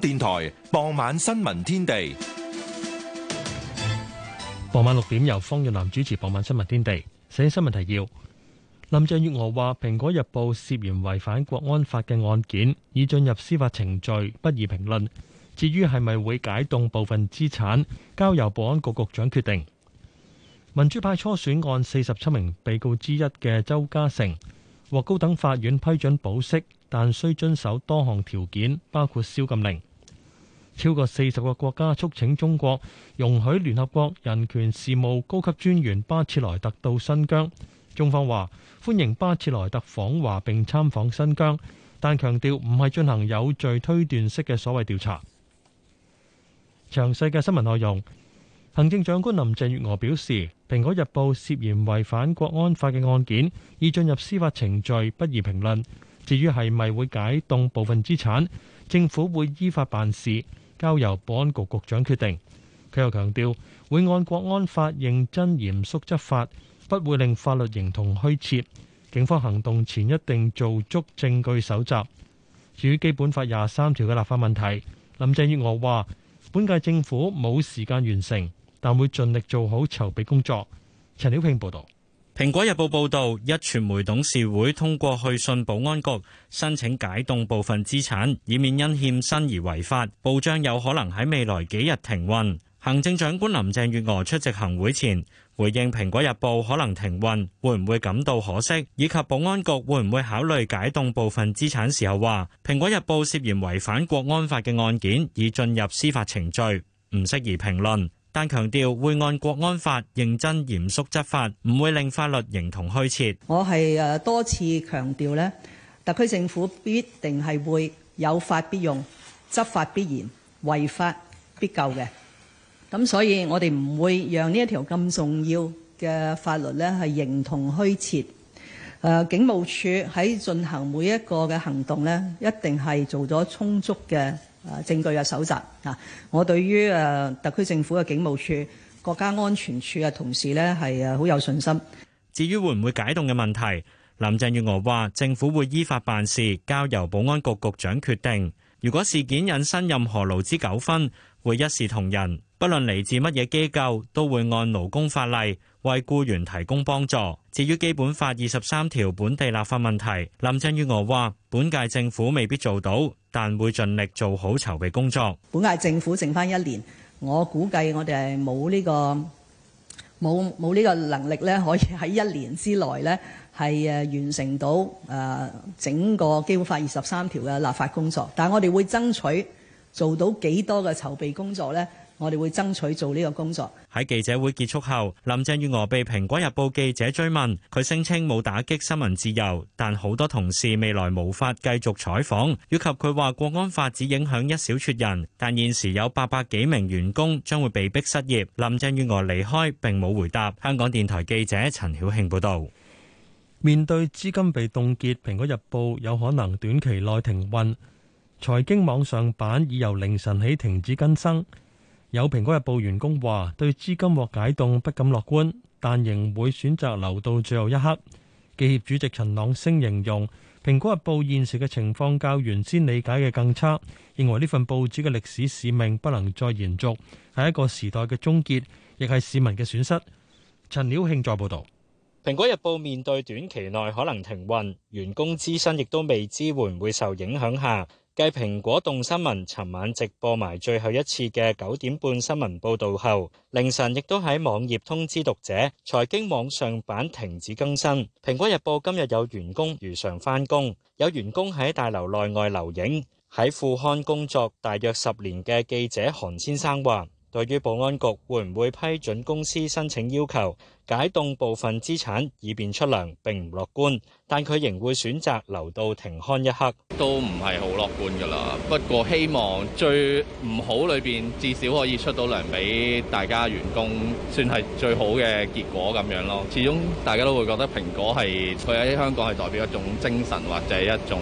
電台傍晚新聞天地，傍晚六點由方潤南主持。傍晚新聞天地，先新聞提要。林鄭月娥話，蘋果日報涉嫌違反國安法嘅案件已進入司法程序，不宜評論。至於係咪會解凍部分資產，交由保安局局長決定。民主派初選案四十七名被告之一嘅鄒家成，獲高等法院批准保釋，但需遵守多項條件，包括宵禁令。超過四十個國家促請中國容許聯合國人權事務高級專員巴切萊特到新疆。中方話歡迎巴切萊特訪華，並參訪新疆，但強調唔係進行有罪推斷式嘅所謂調查。詳細嘅新聞內容。行政長官林鄭月娥表示，蘋果日報涉嫌違反國安法嘅案件已進入司法程序，不宜評論。至於係咪會解凍部分資產，政府會依法辦事，交由保安局局長決定。佢又強調，會按國安法認真嚴肅執法，不會令法律形同虛設。警方行動前一定做足證據搜集。至於基本法廿三條嘅立法問題，林鄭月娥話：本屆政府冇時間完成。但會盡力做好籌備工作。陳曉慶報導，《蘋果日報》報導，壹傳媒董事會通過去信保安局申請解凍部分資產，以免因欠薪而違法。報章有可能喺未來幾日停運。行政長官林鄭月娥出席行會前回應，《蘋果日報》可能停運，會唔會感到可惜？以及保安局會唔會考慮解凍部分資產時候，話《蘋果日報》涉嫌違反國安法嘅案件已進入司法程序，唔適宜評論。但強調會按國安法認真嚴肅執法，唔會令法律形同虛設。我係誒多次強調咧，特區政府必定係會有法必用、執法必嚴、違法必究嘅。咁所以，我哋唔會讓呢一條咁重要嘅法律咧係形同虛設。誒，警務處喺進行每一個嘅行動咧，一定係做咗充足嘅誒證據嘅蒐集啊！我對於誒特區政府嘅警務處、國家安全處嘅同事咧係誒好有信心。至於會唔會解凍嘅問題，林鄭月娥話：政府會依法辦事，交由保安局局長決定。如果事件引申任何勞資糾紛，會一視同仁，不論嚟自乜嘢機構，都會按勞工法例為僱員提供幫助。至於基本法二十三條本地立法問題，林鄭月娥話：本屆政府未必做到。但會盡力做好籌備工作。本屆政府剩翻一年，我估計我哋係冇呢個冇冇呢個能力咧，可以喺一年之內咧係誒完成到誒整個《基本法》二十三條嘅立法工作。但係我哋會爭取做到幾多嘅籌備工作咧？我哋會爭取做呢個工作。喺記者會結束後，林鄭月娥被《蘋果日報》記者追問，佢聲稱冇打擊新聞自由，但好多同事未來無法繼續採訪，以及佢話《國安法》只影響一小撮人，但現時有八百幾名員工將會被逼失業。林鄭月娥離開並冇回答。香港電台記者陳曉慶報導，面對資金被凍結，《蘋果日報》有可能短期內停運，財經網上版已由凌晨起停止更新。有蘋果日報員工話，對資金獲解凍不敢樂觀，但仍會選擇留到最後一刻。記協主席陳朗升形容，蘋果日報現時嘅情況較原先理解嘅更差，認為呢份報紙嘅歷史使命不能再延續，係一個時代嘅終結，亦係市民嘅損失。陳了慶再報道，蘋果日報面對短期內可能停運，員工資薪亦都未知會唔會受影響下。繼蘋果動新聞，尋晚直播埋最後一次嘅九點半新聞報道後，凌晨亦都喺網頁通知讀者，財經網上版停止更新。蘋果日報今日有員工如常返工，有員工喺大樓內外留影。喺副刊工作大約十年嘅記者韓先生話。對於保安局會唔會批准公司申請要求解凍部分資產以便出糧並唔樂觀，但佢仍會選擇留到停刊一刻。都唔係好樂觀㗎啦，不過希望最唔好裏面至少可以出到糧俾大家員工，算係最好嘅結果咁樣咯。始終大家都會覺得蘋果係佢喺香港係代表一種精神或者一種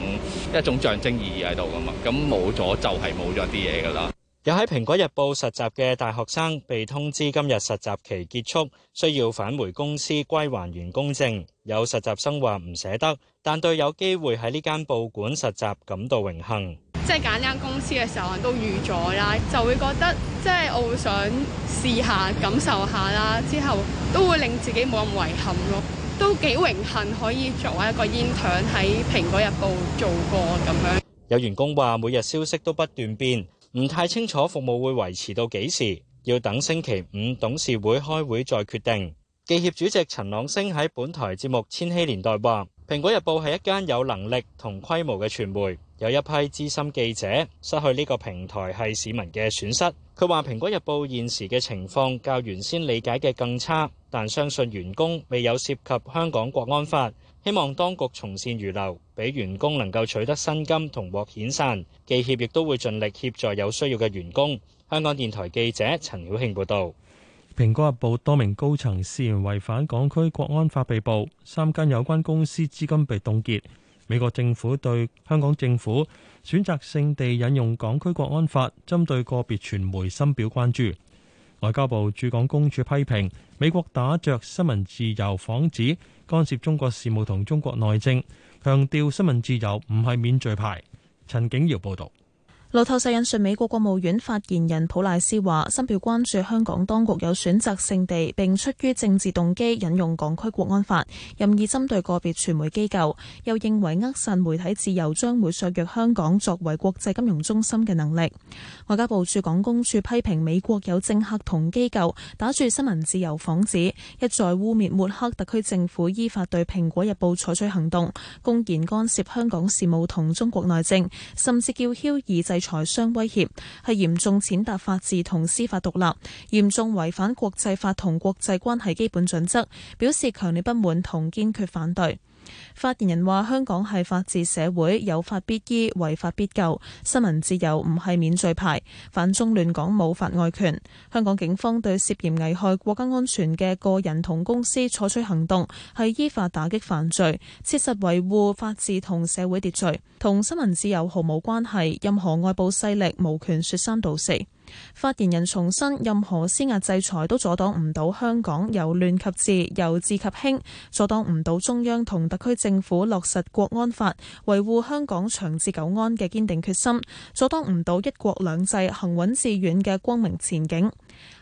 一種象徵意義喺度㗎嘛，咁冇咗就係冇咗啲嘢㗎啦。有喺《蘋果日報》實習嘅大學生被通知今日實習期結束，需要返回公司歸還員工證。有實習生話唔捨得，但對有機會喺呢間報館實習感到榮幸。即係揀呢間公司嘅時候，都預咗啦，就會覺得即係我會想試下感受下啦，之後都會令自己冇咁遺憾咯。都幾榮幸可以作為一個煙腸喺《蘋果日報》做過咁樣。有員工話，每日消息都不斷變。唔太清楚服務會維持到幾時，要等星期五董事會開會再決定。記協主席陳朗升喺本台節目《千禧年代》話，蘋果日報係一間有能力同規模嘅傳媒，有一批資深記者，失去呢個平台係市民嘅損失。佢話蘋果日報現時嘅情況較原先理解嘅更差，但相信員工未有涉及香港國安法，希望當局從善如流。俾員工能夠取得薪金同獲遣散，記協亦都會盡力協助有需要嘅員工。香港電台記者陳曉慶報導。蘋果日報多名高層涉嫌違反港區國安法被捕，三間有關公司資金被凍結。美國政府對香港政府選擇性地引用港區國安法針對個別傳媒深表關注。外交部駐港公署批評美國打着新聞自由幌子干涉中國事務同中國內政，強調新聞自由唔係免罪牌。陳景瑤報道。路透社引述美國國務院發言人普賴斯話，深表關注香港當局有選擇性地並出於政治動機引用港區國安法，任意針對個別傳媒機構，又認為扼殺媒體自由將會削弱香港作為國際金融中心嘅能力。外交部駐港公署批評美國有政客同機構打住新聞自由幌子，一再污蔑抹黑特區政府依法對蘋果日報採取行動，公然干涉香港事務同中國內政，甚至叫囂以制。財商威脅係嚴重踐踏法治同司法獨立，嚴重違反國際法同國際關係基本準則，表示強烈不滿同堅決反對。發言人話：香港係法治社會，有法必依，違法必究。新聞自由唔係免罪牌，反中亂港冇法外權。香港警方對涉嫌危害國家安全嘅個人同公司採取行動，係依法打擊犯罪，切實維護法治同社會秩序，同新聞自由毫無關係。任何外部勢力無權說三道四。發言人重申，任何施壓制裁都阻擋唔到香港由亂及治、由治及興，阻擋唔到中央同特區政府落實國安法、維護香港長治久安嘅堅定決心，阻擋唔到一國兩制行穩致遠嘅光明前景。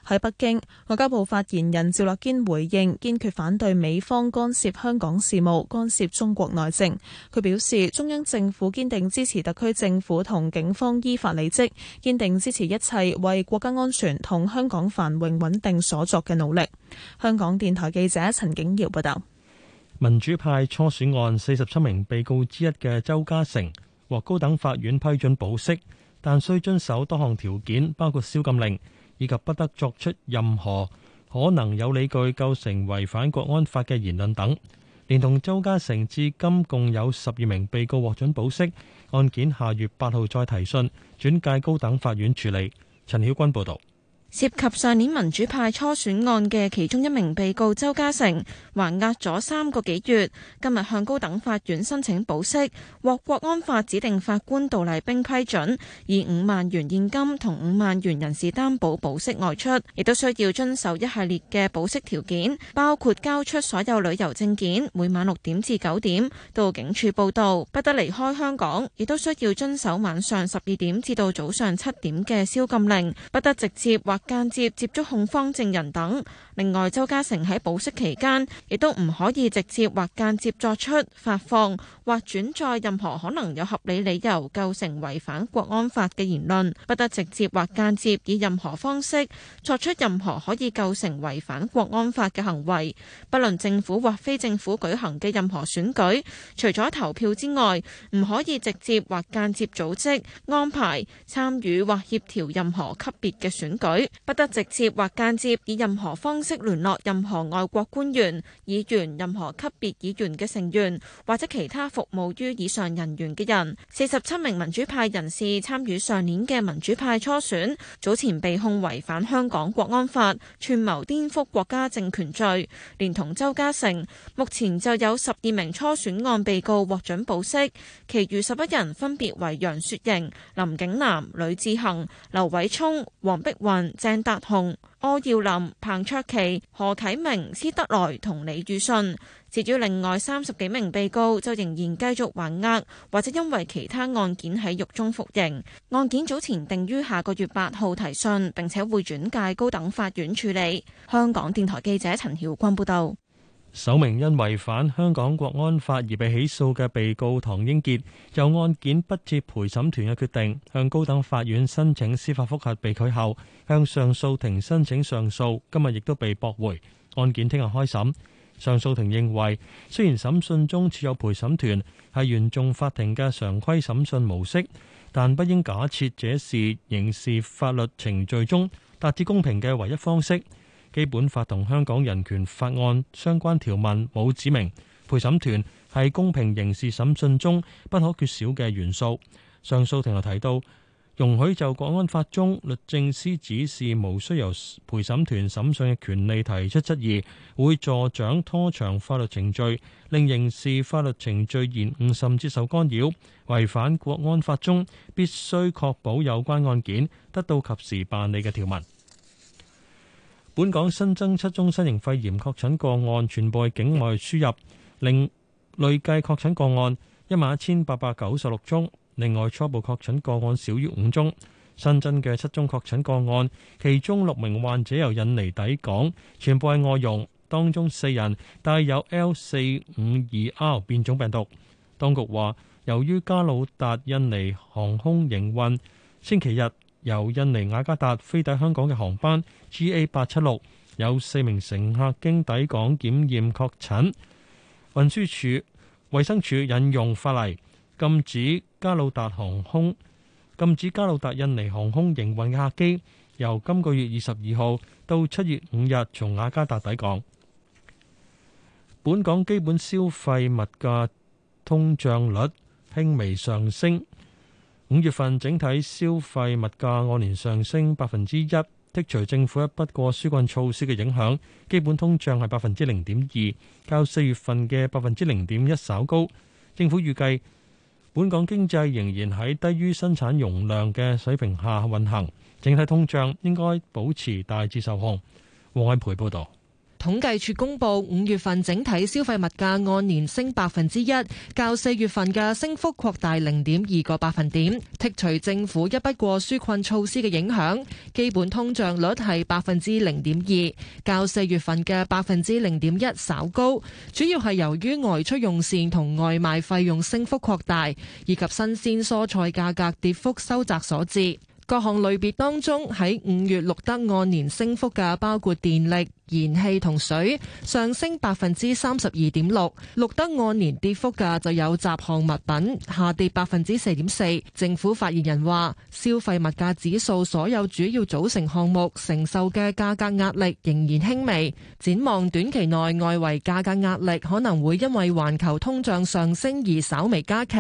喺北京，外交部發言人趙立堅回應，堅決反對美方干涉香港事務、干涉中國內政。佢表示，中央政府堅定支持特區政府同警方依法履職，堅定支持一切為國家安全同香港繁榮穩定所作嘅努力。香港電台記者陳景堯報道，民主派初選案四十七名被告之一嘅周家成獲高等法院批准保釋，但須遵守多項條件，包括宵禁令。以及不得作出任何可能有理據構成違反國安法嘅言論等，連同周家成，至今共有十二名被告獲准保釋，案件下月八號再提訊，轉介高等法院處理。陳曉君報道。涉及上年民主派初選案嘅其中一名被告周家成，還押咗三個幾月，今日向高等法院申請保釋，獲國安法指定法官杜麗冰批准，以五萬元現金同五萬元人士擔保保釋外出，亦都需要遵守一系列嘅保釋條件，包括交出所有旅遊證件，每晚六點至九點到警署報到，不得離開香港，亦都需要遵守晚上十二點至到早上七點嘅宵禁令，不得直接或間接接觸控方證人等。另外，周家成喺保釋期間，亦都唔可以直接或間接作出發放或轉載任何可能有合理理由構成違反國安法嘅言論；不得直接或間接以任何方式作出任何可以構成違反國安法嘅行為。不論政府或非政府舉行嘅任何選舉，除咗投票之外，唔可以直接或間接組織、安排、參與或協調任何級別嘅選舉；不得直接或間接以任何方識聯絡任何外國官員、議員、任何級別議員嘅成員，或者其他服務於以上人員嘅人。四十七名民主派人士參與上年嘅民主派初選，早前被控違反香港國安法，串謀顛覆國家政權罪，連同周家成。目前就有十二名初選案被告獲准保釋，其餘十一人分別為楊雪盈、林景南、呂智恆、劉偉聰、黃碧雲、鄭達鴻、柯耀林、彭卓棋、何啟明、施德來同李宇信，至於另外三十幾名被告就仍然繼續還押，或者因為其他案件喺獄中服刑。案件早前定於下個月八號提訊，並且會轉介高等法院處理。香港電台記者陳曉君報導。首名因違反香港國安法而被起訴嘅被告唐英傑，就案件不設陪審團嘅決定，向高等法院申請司法複核被拒後，向上訴庭申請上訴，今日亦都被駁回。案件聽日開審。上訴庭認為，雖然審訊中設有陪審團係原訟法庭嘅常規審訊模式，但不應假設這是刑事法律程序中達至公平嘅唯一方式。基本法同香港人權法案相關條文冇指明陪審團係公平刑事審訊中不可缺少嘅元素。上訴庭又提到，容許就國安法中律政司指示無需由陪審團審訊嘅權利提出質疑，會助長拖長法律程序，令刑事法律程序延誤甚至受干擾，違反國安法中必須確保有關案件得到及時辦理嘅條文。本港新增七宗新型肺炎確診個案，全部係境外輸入，另累計確診個案一萬一千八百九十六宗。另外，初步確診個案少於五宗。新增嘅七宗確診個案，其中六名患者由印尼抵港，全部係外傭，當中四人帶有 L 四五二 R 變種病毒。當局話，由於加魯達印尼航空營運星期日，由印尼雅加達飛抵香港嘅航班 GA 八七六，有四名乘客經抵港檢驗確診。運輸署、衛生署引用法例禁止加魯達航空禁止加魯達印尼航空營運客機，由今個月二十二號到七月五日從雅加達抵港。本港基本消費物價通脹率輕微上升。五月份整體消費物價按年上升百分之一，剔除政府一筆過紓困措施嘅影響，基本通脹係百分之零點二，較四月份嘅百分之零點一稍高。政府預計本港經濟仍然喺低於生產容量嘅水平下運行，整體通脹應該保持大致受控。黃偉培報導。統計處公布五月份整體消費物價，按年升百分之一，較四月份嘅升幅擴大零點二個百分點。剔除政府一筆過紓困措施嘅影響，基本通脹率係百分之零點二，較四月份嘅百分之零點一稍高。主要係由於外出用膳同外賣費用升幅擴大，以及新鮮蔬菜價格跌幅收窄所致。各項類別當中，喺五月錄得按年升幅嘅包括電力。燃氣同水上升百分之三十二點六，錄得按年跌幅嘅就有雜項物品下跌百分之四點四。政府發言人話：消費物價指數所有主要組成項目承受嘅價格壓力仍然輕微，展望短期內外圍價格壓力可能會因為環球通脹上升而稍微加劇。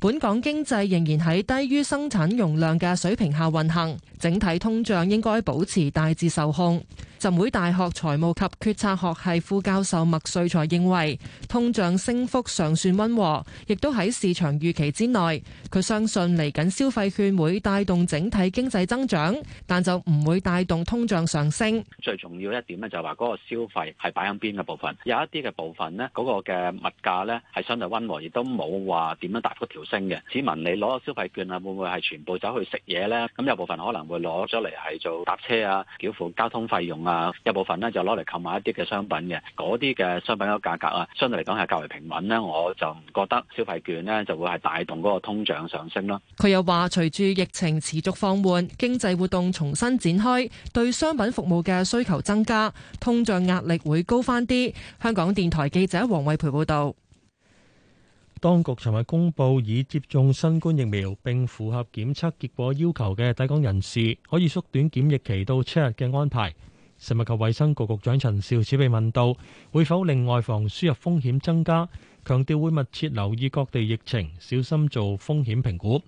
本港經濟仍然喺低於生產容量嘅水平下運行，整體通脹應該保持大致受控。浸會大學財務及決策學系副教授麥瑞才認為，通脹升幅尚算温和，亦都喺市場預期之內。佢相信嚟緊消費券會帶動整體經濟增長，但就唔會帶動通脹上升。最重要一點咧，就係話嗰個消費係擺響邊嘅部分，有一啲嘅部分咧，嗰個嘅物價咧係相對温和，亦都冇話點樣大幅調升嘅。市民你攞個消費券啊，會唔會係全部走去食嘢咧？咁有部分可能會攞咗嚟係做搭車啊、繳付交通費用啊。啊！一部分咧就攞嚟購買一啲嘅商品嘅，嗰啲嘅商品嘅價格啊，相對嚟講係較為平穩呢，我就唔覺得消費券呢就會係帶動嗰個通脹上升咯。佢又話，隨住疫情持續放緩，經濟活動重新展開，對商品服務嘅需求增加，通脹壓力會高返啲。香港電台記者黃慧培報道。當局尋日公布，已接種新冠疫苗並符合檢測結果要求嘅抵港人士，可以縮短檢疫期到七日嘅安排。食物及衛生局局長陳肇始被問到會否令外防輸入風險增加，強調會密切留意各地疫情，小心做風險評估。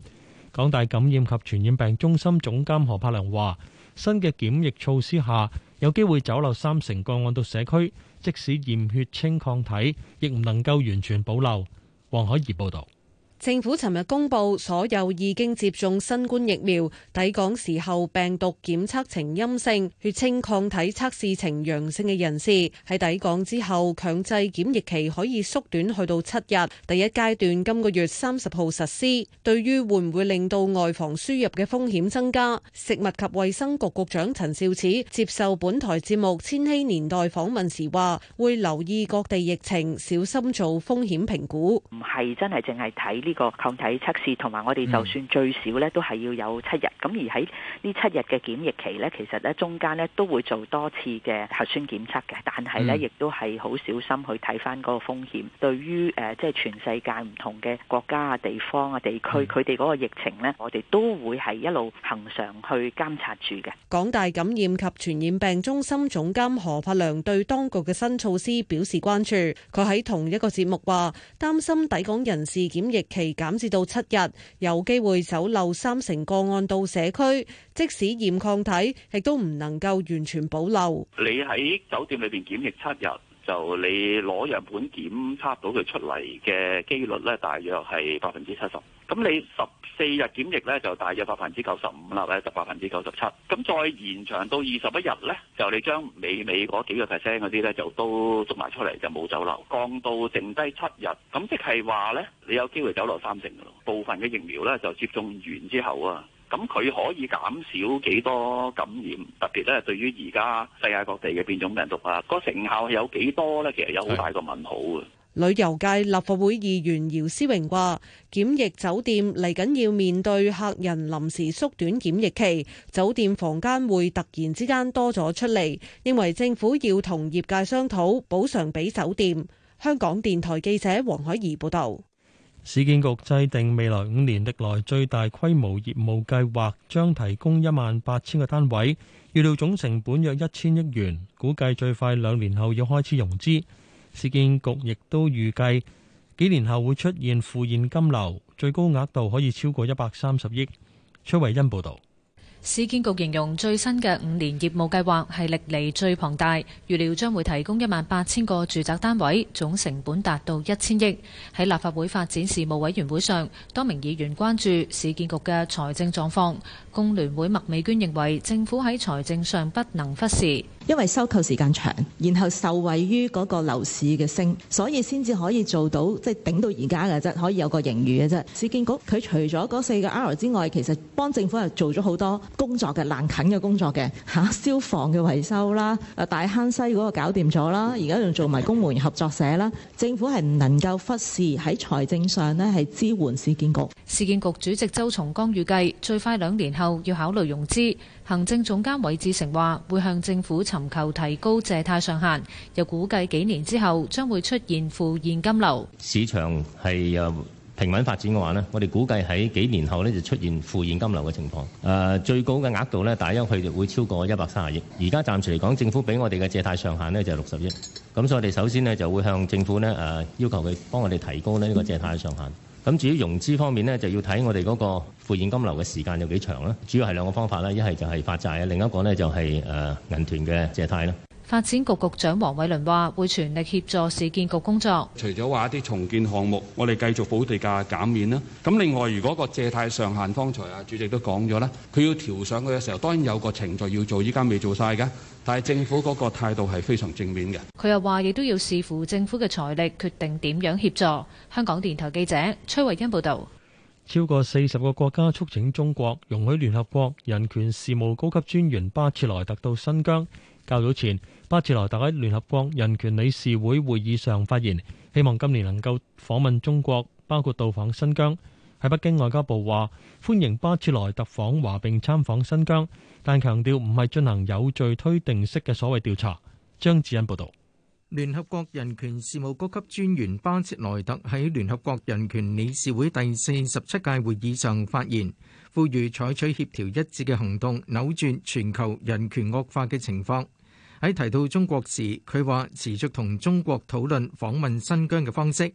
港大感染及傳染病中心總監何柏良話：新嘅檢疫措施下，有機會走漏三成個案到社區，即使驗血清抗體，亦唔能夠完全保留。黃海怡報導。政府尋日公布，所有已經接種新冠疫苗、抵港時候病毒檢測呈陰性、血清抗體測試呈陽性嘅人士，喺抵港之後強制檢疫期可以縮短去到七日，第一階段今個月三十號實施。對於會唔會令到外防輸入嘅風險增加，食物及衛生局局長陳肇始接受本台節目《千禧年代》訪問時話會留意各地疫情，小心做風險評估，唔係真係淨係睇呢，個抗體測試同埋，我哋就算最少呢，都係要有七日。咁而喺呢七日嘅檢疫期呢，其實呢中間呢都會做多次嘅核酸檢測嘅。但係呢亦都係好小心去睇翻嗰個風險。對於誒，即係全世界唔同嘅國家啊、地方啊、地區，佢哋嗰個疫情呢，我哋都會係一路恆常去監察住嘅。港大感染及傳染病中心總監何柏良對當局嘅新措施表示關注。佢喺同一個節目話，擔心抵港人士檢疫期減至到七日，有機會走漏三成個案到社區，即使驗抗體，亦都唔能夠完全保留。你喺酒店裏邊檢疫七日。就你攞樣本檢測到佢出嚟嘅機率呢，大約係百分之七十。咁你十四日檢疫呢，就大約百分之九十五啦，或者百分之九十七。咁、就是、再延長到二十一日呢，就你將尾尾嗰幾個 percent 嗰啲呢，就都捉埋出嚟，就冇走啦，降到剩低七日。咁即係話呢，你有機會走落三成嘅。部分嘅疫苗呢，就接種完之後啊。咁佢可以減少幾多感染，特別咧對於而家世界各地嘅變種病毒啊，個成效係有幾多咧？其實有好大個問號嘅。旅遊界立法會議員姚思榮話，檢疫酒店嚟緊要面對客人臨時縮短檢疫期，酒店房間會突然之間多咗出嚟，認為政府要同業界商討補償俾酒店。香港電台記者黃海怡報道。市建局制定未來五年歷來最大規模業務計劃，將提供一萬八千個單位，預料總成本約一千億元，估計最快兩年後要開始融資，市建局亦都預計幾年後會出現負現金流，最高額度可以超過一百三十億，崔慧欣報道。市建局形容最新嘅五年業務計劃係歷嚟最龐大，預料將會提供一萬八千個住宅單位，總成本達到一千億，喺立法會發展事務委員會上，多名議員關注市建局嘅財政狀況，工聯會麥美娟認為政府喺財政上不能忽視。因為收購時間長，然後受惠於嗰個樓市嘅升，所以先至可以做到即係、就是、頂到而家嘅啫，可以有個盈餘嘅啫。市建局佢除咗嗰四個 R 之外，其實幫政府係做咗好多工作嘅，難啃嘅工作嘅嚇、啊，消防嘅維修啦，啊，大坑西嗰個搞掂咗啦，而家仲做埋公務員合作社啦。政府係唔能夠忽視喺財政上呢係支援市建局。市建局主席周松崗預計最快兩年後要考慮融資。行政總監韋志成話：會向政府尋求提高借貸上限，又估計幾年之後將會出現負現金流。市場係又平穩發展嘅話呢，我哋估計喺幾年後呢就出現負現金流嘅情況。誒，最高嘅額度呢，大約佢哋會超過一百三十億。而家暫時嚟講，政府俾我哋嘅借貸上限呢就係六十億。咁所以我哋首先呢就會向政府呢誒要求佢幫我哋提高咧呢個借貸上限。咁至於融資方面呢，就要睇我哋嗰個負現金流嘅時間有幾長啦。主要係兩個方法啦，一係就係發債，另一個呢就係、是、誒、呃、銀團嘅借貸啦。發展局局長黃偉綸話：會全力協助市建局工作。除咗話一啲重建項目，我哋繼續補地價減免啦。咁另外，如果個借貸上限，方才啊主席都講咗啦，佢要調上去嘅時候，當然有個程序要做，依家未做晒嘅。但係政府嗰個態度係非常正面嘅。佢又話：亦都要視乎政府嘅財力，決定點樣協助。香港電台記者崔慧欣報道。超過四十個國家促請中國容許聯合國人權事務高級專員巴切萊特到新疆。較早前，巴切萊特喺聯合國人權理事會會議上發言，希望今年能夠訪問中國，包括到訪新疆。喺北京外交部話歡迎巴切萊特訪華並參訪新疆，但強調唔係進行有罪推定式嘅所謂調查。張志恩報道。聯合國人權事務高級專員巴切萊特喺聯合國人權理事會第四十七屆會議上發言，呼籲採取協調一致嘅行動，扭轉全球人權惡化嘅情況。喺提到中國時，佢話持續同中國討論訪問新疆嘅方式，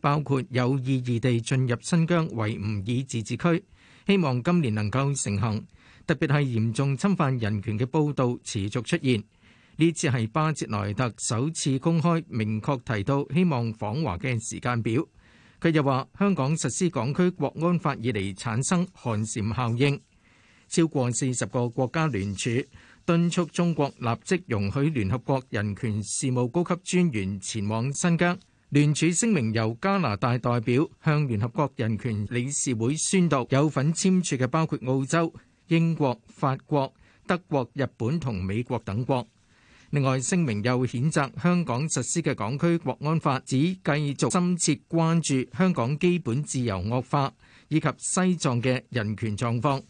包括有意義地進入新疆維吾爾自治區，希望今年能夠成行。特別係嚴重侵犯人權嘅報導持續出現，呢次係巴切萊特首次公開明確提到希望訪華嘅時間表。佢又話香港實施港區國安法以嚟產生寒蟬效應，超過四十個國家聯署。敦促中國立即容許聯合國人權事務高級專員前往新疆。聯署聲明由加拿大代表向聯合國人權理事會宣讀，有份簽署嘅包括澳洲、英國、法國、德國、日本同美國等國。另外，聲明又譴責香港實施嘅港區國安法，指繼續深切關注香港基本自由惡化以及西藏嘅人權狀況。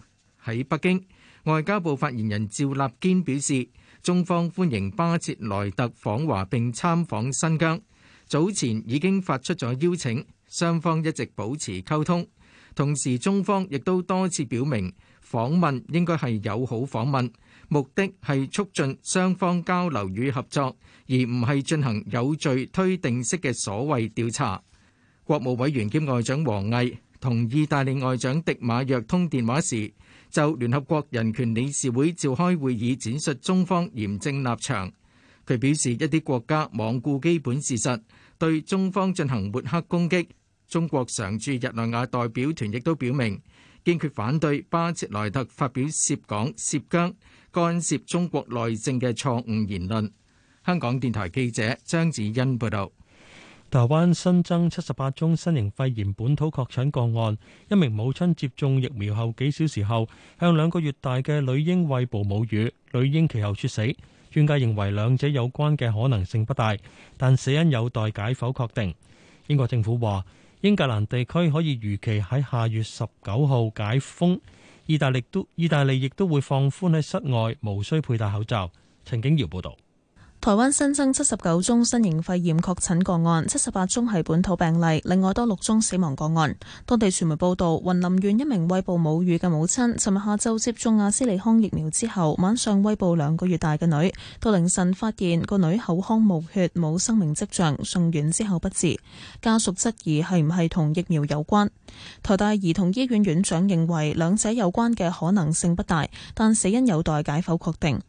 喺北京。外交部發言人趙立堅表示，中方歡迎巴切萊特訪華並參訪新疆，早前已經發出咗邀請，雙方一直保持溝通。同時，中方亦都多次表明，訪問應該係友好訪問，目的係促進雙方交流與合作，而唔係進行有罪推定式嘅所謂調查。國務委員兼外長王毅同意大利外長迪馬約通電話時，就聯合國人權理事會召開會議，展述中方嚴正立場。佢表示一啲國家罔顧基本事實，對中方進行抹黑攻擊。中國常駐日內瓦代表團亦都表明，堅決反對巴切萊特發表涉港涉疆、干涉中國內政嘅錯誤言論。香港電台記者張子欣報道。台灣新增七十八宗新型肺炎本土確診個案，一名母親接種疫苗後幾小時後向兩個月大嘅女嬰喂哺母乳，女嬰其後猝死。專家認為兩者有關嘅可能性不大，但死因有待解剖確定。英國政府話，英格蘭地區可以預期喺下月十九號解封。意大利都意大利亦都會放寬喺室外無需佩戴口罩。陳景堯報道。台灣新增七十九宗新型肺炎確診個案，七十八宗係本土病例，另外多六宗死亡個案。當地傳媒報道，雲林縣一名餵哺母乳嘅母親，尋日下晝接種阿斯利康疫苗之後，晚上餵哺兩個月大嘅女，到凌晨發現個女口腔冇血，冇生命跡象，送院之後不治。家屬質疑係唔係同疫苗有關。台大兒童醫院院長認為，兩者有關嘅可能性不大，但死因有待解剖確定。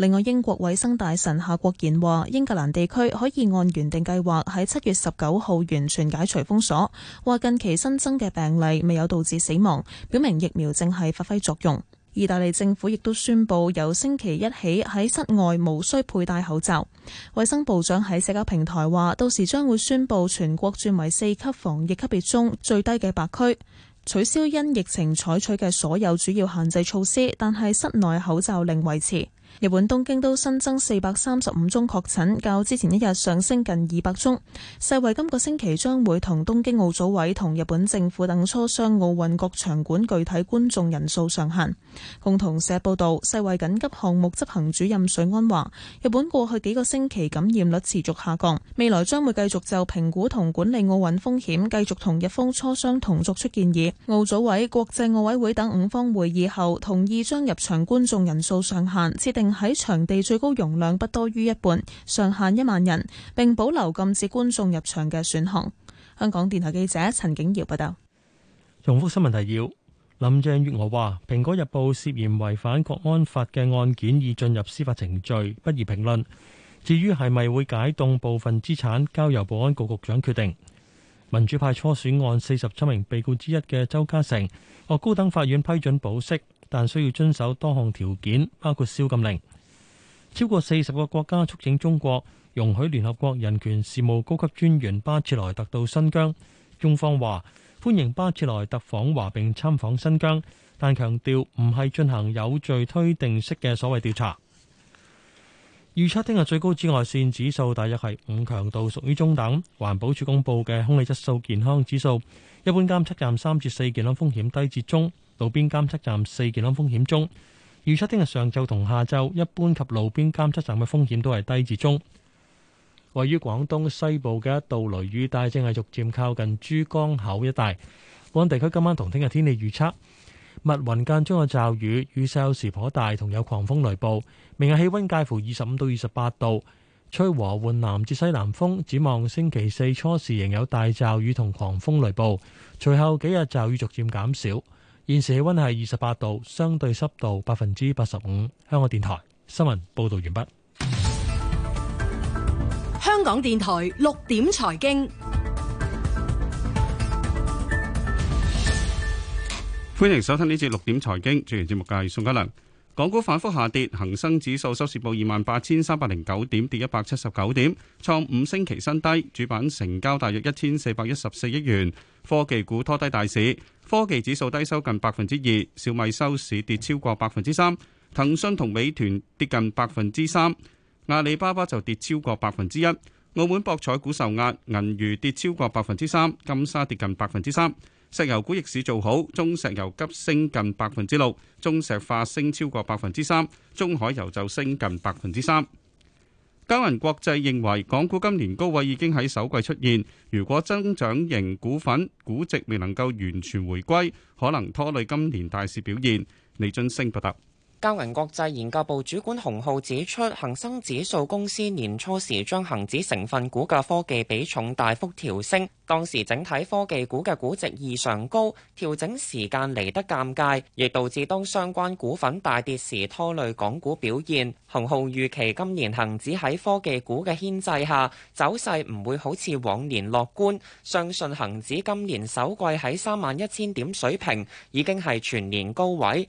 另外，英國衛生大臣夏國賢話，英格蘭地區可以按原定計劃喺七月十九號完全解除封鎖。話近期新增嘅病例未有導致死亡，表明疫苗正係發揮作用。意大利政府亦都宣布由星期一起喺室外無需佩戴口罩。衛生部長喺社交平台話，到時將會宣布全國轉為四級防疫級別中最低嘅白區，取消因疫情採取嘅所有主要限制措施，但係室內口罩令維持。日本東京都新增四百三十五宗確診，較之前一日上升近二百宗。世衛今個星期將會同東京奧組委同日本政府等磋商奧運各場館具體觀眾人數上限。共同社報導，世衛緊急項目執行主任水安話：日本過去幾個星期感染率持續下降，未來將會繼續就評估同管理奧運風險繼續同日方磋商同作出建議。奧組委、國際奧委會等五方會議後同意將入場觀眾人數上限設定喺場地最高容量不多於一半，上限一萬人，並保留禁止觀眾入場嘅選項。香港電台記者陳景堯報道。重複新聞提要：林鄭月娥話，《蘋果日報》涉嫌違反國安法嘅案件已進入司法程序，不宜評論。至於係咪會解凍部分資產，交由保安局局長決定。民主派初選案四十七名被告之一嘅周家成，獲高等法院批准保釋。但需要遵守多項條件，包括宵禁令。超過四十個國家促請中國容許聯合國人權事務高級專員巴切萊特到新疆。中方話歡迎巴切萊特訪華並參訪新疆，但強調唔係進行有罪推定式嘅所謂調查。預測聽日最高紫外線指數大約係五強度，屬於中等。環保署公布嘅空氣質素健康指數，一般監測站三至四，健康風險低至中。路邊監測站四，健康風險中，預測聽日上晝同下晝一般及路邊監測站嘅風險都係低至中。位於廣東西部嘅一道雷雨帶正係逐漸靠近珠江口一帶。本地區今晚同聽日天氣預測：密雲間中有驟雨，雨勢有時頗大，同有狂風雷暴。明日氣溫介乎二十五到二十八度，吹和緩南至西南風。展望星期四初時仍有大驟雨同狂風雷暴，隨後幾日驟雨逐漸減少。現時氣溫係二十八度，相對濕度百分之八十五。香港電台新聞報道完畢。香港電台六點財經，歡迎收聽呢節六點財經。主持節目嘅係宋嘉良。港股反覆下跌，恒生指數收市報二萬八千三百零九點，跌一百七十九點，創五星期新低。主板成交大約一千四百一十四億元。科技股拖低大市，科技指數低收近百分之二，小米收市跌超過百分之三，騰訊同美團跌近百分之三，阿里巴巴就跌超過百分之一。澳門博彩股受壓，銀娛跌超過百分之三，金沙跌近百分之三。石油股逆市做好，中石油急升近百分之六，中石化升超過百分之三，中海油就升近百分之三。交銀國際認為，港股今年高位已經喺首季出現，如果增長型股份估值未能夠完全回歸，可能拖累今年大市表現。李津升報道。交銀國際研究部主管洪浩指出，恆生指數公司年初時，將恒指成分股嘅科技比重大幅調升，當時整體科技股嘅估值異常高，調整時間嚟得尷尬，亦導致當相關股份大跌時拖累港股表現。洪浩預期今年恒指喺科技股嘅牽制下走勢唔會好似往年樂觀，相信恒指今年首季喺三萬一千點水平已經係全年高位。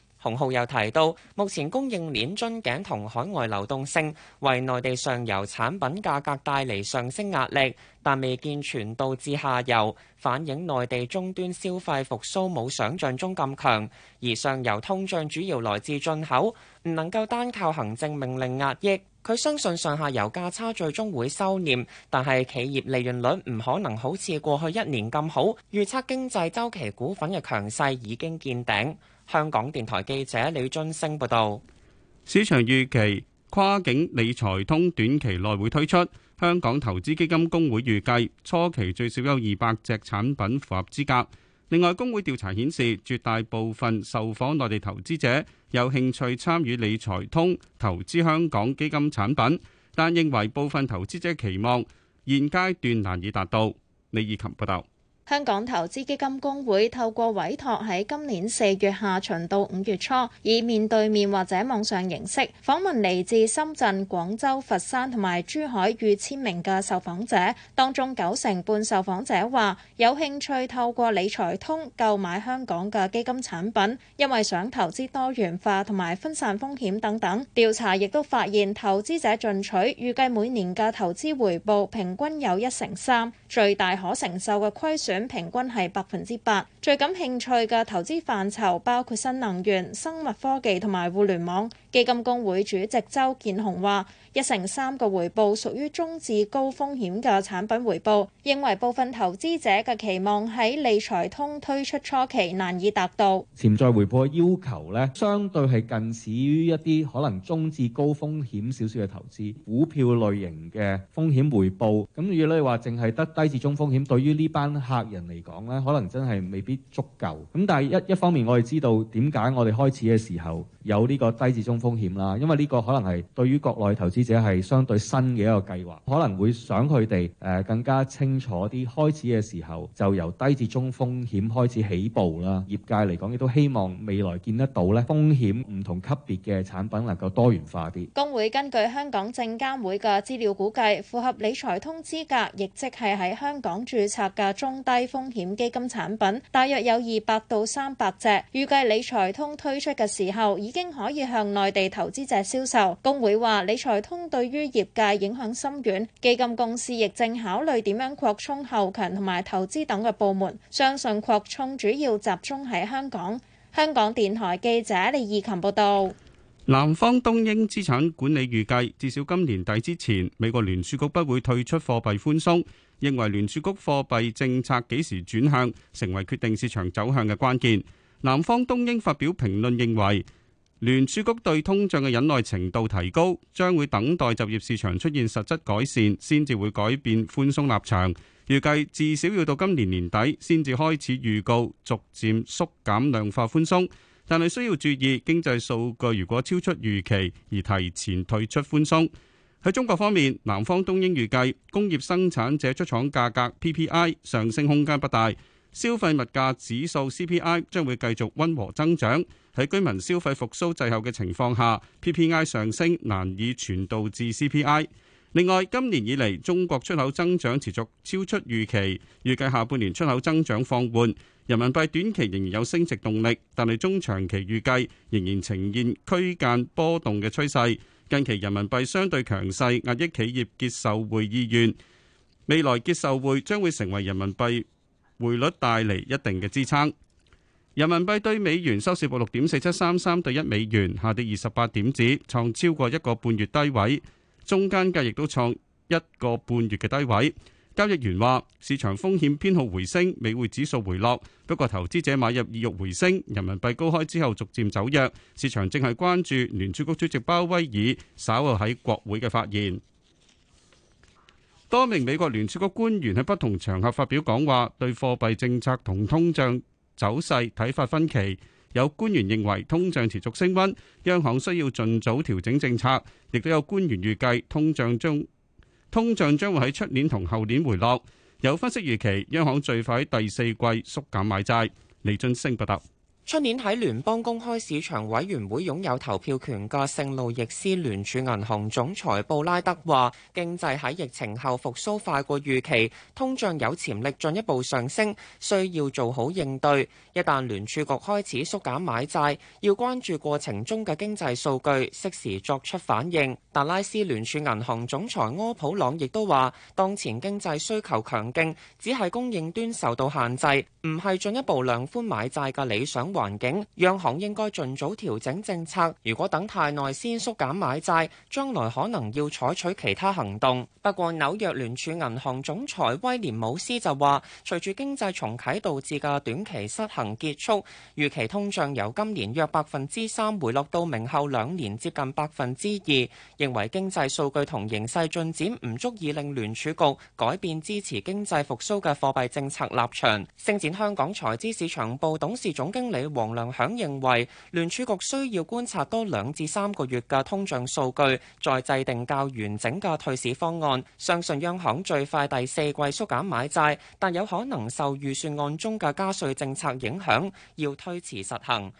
洪浩又提到，目前供應鏈樽頸同海外流動性為內地上游產品價格帶嚟上升壓力，但未見傳導至下游，反映內地終端消費復蘇冇想象中咁強，而上游通脹主要來自進口，唔能夠單靠行政命令壓抑。佢相信上下游價差最終會收斂，但係企業利潤率唔可能好似過去一年咁好。預測經濟周期股份嘅強勢已經見頂。香港電台記者李俊升報道：市場預期跨境理財通短期內會推出。香港投資基金工會預計初期最少有二百隻產品符合資格。另外，工會調查顯示，絕大部分受訪內地投資者有興趣參與理財通投資香港基金產品，但認為部分投資者期望現階段難以達到。李以琴報道。香港投資基金公會透過委託喺今年四月下旬到五月初，以面對面或者網上形式訪問嚟自深圳、廣州、佛山同埋珠海逾千名嘅受訪者，當中九成半受訪者話有興趣透過理財通購買香港嘅基金產品，因為想投資多元化同埋分散風險等等。調查亦都發現，投資者進取預計每年嘅投資回報平均有一成三，最大可承受嘅虧損平均係百分之八，最感興趣嘅投資範疇包括新能源、生物科技同埋互聯網。基金公會主席周建雄話：一成三個回報屬於中至高風險嘅產品回報，認為部分投資者嘅期望喺理財通推出初期難以達到。潛在回報嘅要求呢，相對係近似於一啲可能中至高風險少少嘅投資，股票類型嘅風險回報。咁如果你話淨係得低至中風險，對於呢班客人嚟講咧，可能真係未必足夠咁，但係一一方面，我哋知道點解我哋開始嘅時候。有呢個低至中風險啦，因為呢個可能係對於國內投資者係相對新嘅一個計劃，可能會想佢哋誒更加清楚啲，開始嘅時候就由低至中風險開始起步啦。業界嚟講亦都希望未來見得到咧，風險唔同級別嘅產品能夠多元化啲。公會根據香港證監會嘅資料估計，符合理財通資格，亦即係喺香港註冊嘅中低風險基金產品，大約有二百到三百隻。預計理財通推出嘅時候以已經可以向內地投資者銷售。工會話，理財通對於業界影響深遠。基金公司亦正考慮點樣擴充後勤同埋投資等嘅部門，相信擴充主要集中喺香港。香港電台記者李義琴報道。南方東英資產管理預計，至少今年底之前，美國聯儲局不會退出貨幣寬鬆。認為聯儲局貨幣政策幾時轉向，成為決定市場走向嘅關鍵。南方東英發表評論認為。聯儲局對通脹嘅忍耐程度提高，將會等待就業市場出現實質改善先至會改變寬鬆立場。預計至少要到今年年底先至開始預告，逐漸縮減量化寬鬆。但係需要注意，經濟數據如果超出預期而提前退出寬鬆。喺中國方面，南方東英預計工業生產者出廠價格 PPI 上升空間不大。消費物價指數 CPI 將會繼續溫和增長，喺居民消費復甦滯後嘅情況下，PPI 上升難以傳導至 CPI。另外，今年以嚟中國出口增長持續超出預期，預計下半年出口增長放緩，人民幣短期仍然有升值動力，但係中長期預計仍然呈現區間波動嘅趨勢。近期人民幣相對強勢壓抑企業結售匯意願，未來結售匯將會成為人民幣。匯率帶嚟一定嘅支撐，人民幣對美元收市報六點四七三三對一美元，下跌二十八點子，創超過一個半月低位。中間價亦都創一個半月嘅低位。交易員話：市場風險偏好回升，美匯指數回落，不過投資者買入意欲回升。人民幣高開之後逐漸走弱，市場正係關注聯儲局主席鮑威爾稍後喺國會嘅發言。多名美國聯儲局官員喺不同場合發表講話，對貨幣政策同通脹走勢睇法分歧。有官員認為通脹持續升溫，央行需要盡早調整政策，亦都有官員預計通脹將通脹將會喺出年同後年回落。有分析預期，央行最快喺第四季縮減買債。李俊升報道。出年喺聯邦公開市場委員會擁有投票權嘅聖路易斯聯儲銀行總裁布拉德話：經濟喺疫情後復甦快過預期，通脹有潛力進一步上升，需要做好應對。一旦聯儲局開始縮減買債，要關注過程中嘅經濟數據，適時作出反應。達拉斯聯儲銀行總裁柯普朗亦都話：當前經濟需求強勁，只係供應端受到限制，唔係進一步量寬買債嘅理想環境，央行應該盡早調整政策。如果等太耐先縮減買債，將來可能要採取其他行動。不過紐約聯儲銀行總裁威廉姆斯就話，隨住經濟重啟導致嘅短期失衡結束，預期通脹由今年約百分之三回落到明後兩年接近百分之二。認為經濟數據同形勢進展唔足以令聯儲局改變支持經濟復甦嘅貨幣政策立場。星展香港財資市場部董事總經理，王良享認為，聯儲局需要觀察多兩至三個月嘅通脹數據，再制定較完整嘅退市方案。相信央行最快第四季縮減買債，但有可能受預算案中嘅加稅政策影響，要推遲實行。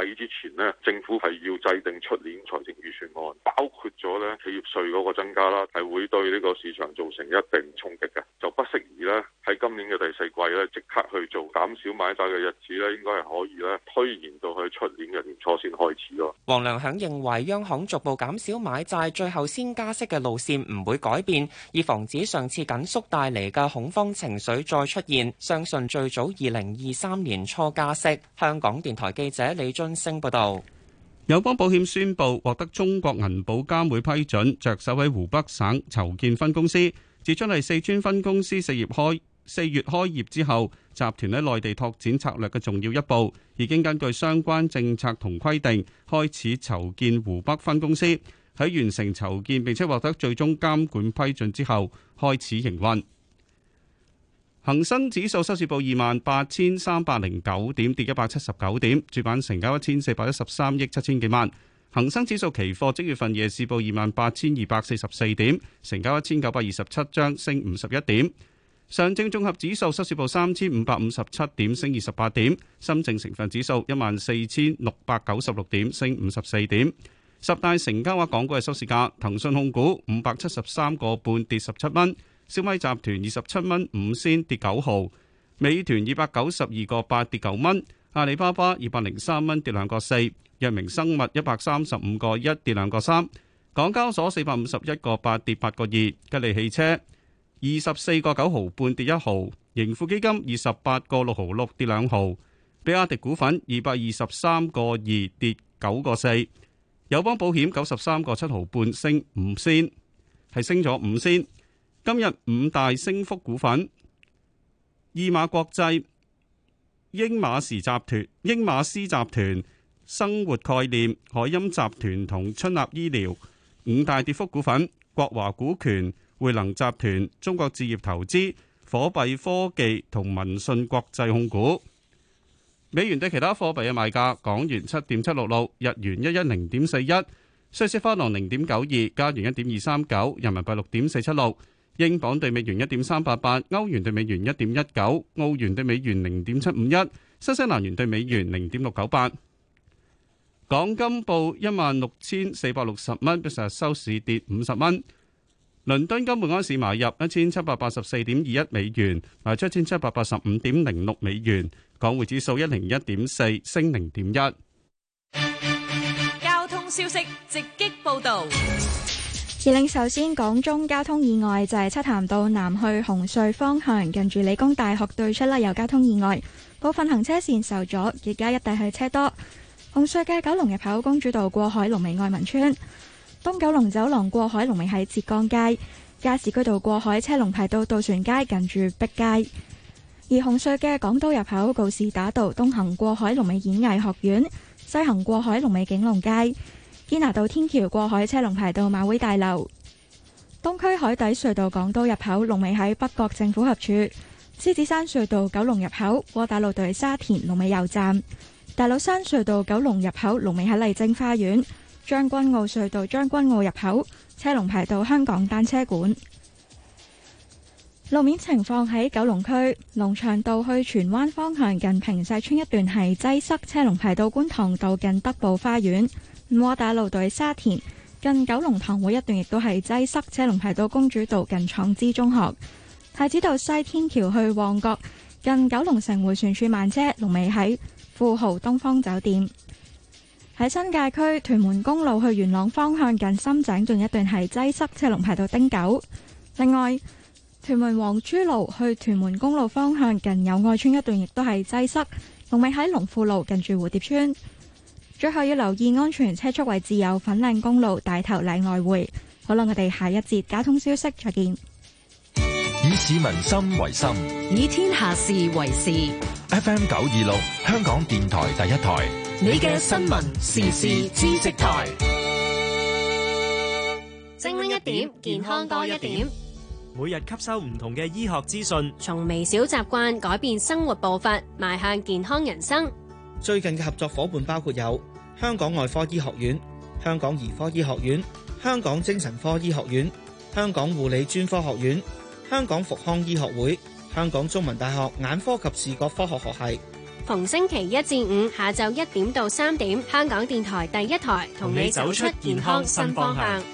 底之前呢，政府係要制定出年財政預算案，包括咗咧企業稅嗰個增加啦，係會對呢個市場造成一定衝擊嘅，就不適宜咧喺今年嘅第四季咧即刻去做減少買債嘅日子咧，應該係可以咧推延到去出年嘅年初先開始咯。王良享認為央行逐步減少買債，最後先加息嘅路線唔會改變，以防止上次緊縮帶嚟嘅恐慌情緒再出現，相信最早二零二三年初加息。香港電台記者李俊聲報道。友邦保險宣布獲得中國銀保監會批准，着手喺湖北省籌建分公司。自將喺四川分公司四月開四月開業之後，集團喺內地拓展策略嘅重要一步，已經根據相關政策同規定開始籌建湖北分公司。喺完成籌建並且獲得最終監管批准之後，開始營運。恒生指數收市報二萬八千三百零九點，跌一百七十九點。主板成交一千四百一十三億七千幾萬。恒生指數期貨即月份夜市報二萬八千二百四十四點，成交一千九百二十七張，升五十一點。上證綜合指數收市報三千五百五十七點，升二十八點。深證成分指數一萬四千六百九十六點，升五十四點。十大成交活躍股嘅收市價，騰訊控股五百七十三個半，跌十七蚊。小米集團二十七蚊五仙跌九毫，美團二百九十二個八跌九蚊，阿里巴巴二百零三蚊跌兩個四，藥明生物一百三十五個一跌兩個三，港交所四百五十一個八跌八個二，吉利汽車二十四個九毫半跌一毫，盈富基金二十八個六毫六跌兩毫，比亞迪股份二百二十三個二跌九個四，友邦保險九十三個七毫半升五仙，係升咗五仙。今日五大升幅股份：二馬國際、英馬時集團、英馬斯集團、生活概念、海音集團同春立醫療。五大跌幅股份：國華股權、匯能集團、中國置業投資、火幣科技同民信國際控股。美元對其他貨幣嘅賣價：港元七點七六六，日元一一零點四一，瑞士法郎零點九二，加元一點二三九，人民幣六點四七六。英鎊兌美元一點三八八，歐元兌美元一點一九，澳元兌美元零點七五一，新西蘭元兌美元零點六九八。港金報一萬六千四百六十蚊，比上日收市跌五十蚊。倫敦金每安士買入一千七百八十四點二一美元，賣出一千七百八十五點零六美元。港匯指數一零一點四，升零點一。交通消息直擊報道。而令，首先，港中交通意外就係、是、漆咸道南去紅隧方向，近住理工大學對出啦，有交通意外，部分行車線受阻，而家一帶去車多。紅隧嘅九龍入口公主道過海，龍尾愛民村；東九龍走廊過海，龍尾喺浙江街；加士居道過海，車龍排到渡船街，近住碧街。而紅隧嘅港島入口告士打道東行過海，龍尾演藝學院；西行過海，龍尾景隆街。堅拿道天橋過海車龍排到馬會大樓，東區海底隧道港島入口龍尾喺北角政府合署；獅子山隧道九龍入口窩打老道沙田龍尾油站；大老山隧道九龍入口龍尾喺麗晶花園；將軍澳隧道將軍澳入口車龍排到香港單車館。路面情況喺九龍區龍翔道去荃灣方向近平石村一段係擠塞，塞，車龍排到觀塘道近德寶花園。窩打老道沙田近九龍塘會一段亦都係擠塞，塞，車龍排到公主道近創資中學，太子道西天橋去旺角近九龍城迴旋處慢車，龍尾喺富豪東方酒店。喺新界區屯門公路去元朗方向近深井，仲有一段係擠塞，塞，車龍排到丁九。另外，屯門黃珠路去屯門公路方向近友愛村一段亦都係擠塞，同埋喺龍富路近住蝴蝶村。最後要留意安全車速，位置有粉嶺公路大頭嶺外匯。好啦，我哋下一節交通消息再見。以市民心為心，以天下事為事。FM 九二六，香港電台第一台，你嘅新聞時事知識台，精靈一點，健康多一點。每日吸收唔同嘅醫學資訊，從微小習慣改變生活步伐，邁向健康人生。最近嘅合作夥伴包括有香港外科醫學院、香港兒科醫學院、香港精神科醫學院、香港護理專科學院、香港復康醫學會、香港中文大學眼科及視覺科學學系。逢星期一至五下晝一點到三點，香港電台第一台同你走出健康新方向。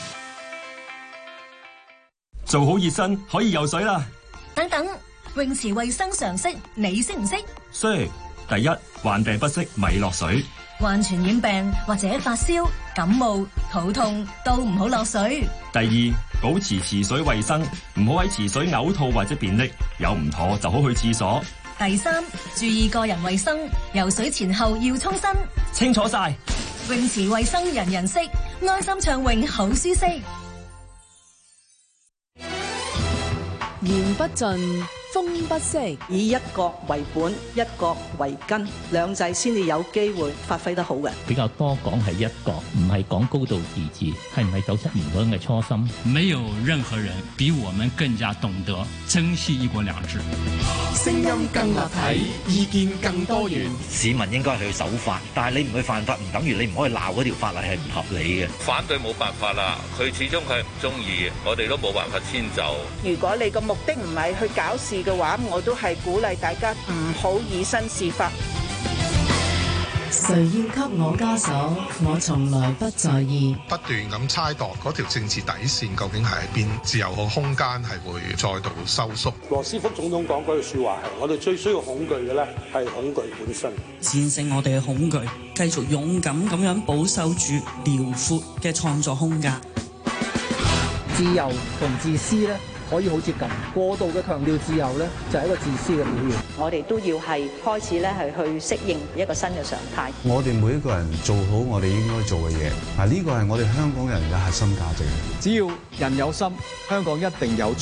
做好熱身可以游水啦。等等，泳池衛生常識你識唔識？識。第一，患病不適咪落水。患傳染病或者發燒、感冒、肚痛都唔好落水。第二，保持池水衛生，唔好喺池水嘔吐或者便溺，有唔妥就好去廁所。第三，注意個人衛生，游水前後要沖身。清楚晒，泳池衛生人人識，安心暢泳好舒適。言不盡。風不息，以一國為本，一國為根，兩制先至有機會發揮得好嘅。比較多講係一國，唔係講高度自治，係唔係九七年嗰嘅初心？沒有任何人比我們更加懂得珍惜一國兩制。聲音更立體，意見更多元。市民應該去守法，但係你唔去犯法，唔等於你唔可以鬧嗰條法例係唔合理嘅。反對冇辦法啦，佢始終佢係唔中意，我哋都冇辦法遷就。如果你個目的唔係去搞事。嘅話，我都係鼓勵大家唔好以身試法。誰要給我加手，我從來不在意。不斷咁猜度嗰條政治底線究竟喺邊，自由嘅空間係會再度收縮。羅斯福總統講嗰句説話係：我哋最需要恐懼嘅咧，係恐懼本身。戰勝我哋嘅恐懼，繼續勇敢咁樣保守住遼闊嘅創作空間。自由同自私咧？可以好接近。過度嘅強調自由咧，就係一個自私嘅表現，我哋都要係開始咧，係去適應一個新嘅常態，我哋每一個人做好我哋應該做嘅嘢，嗱，呢個係我哋香港人嘅核心價值。只要人有心，香港一定有。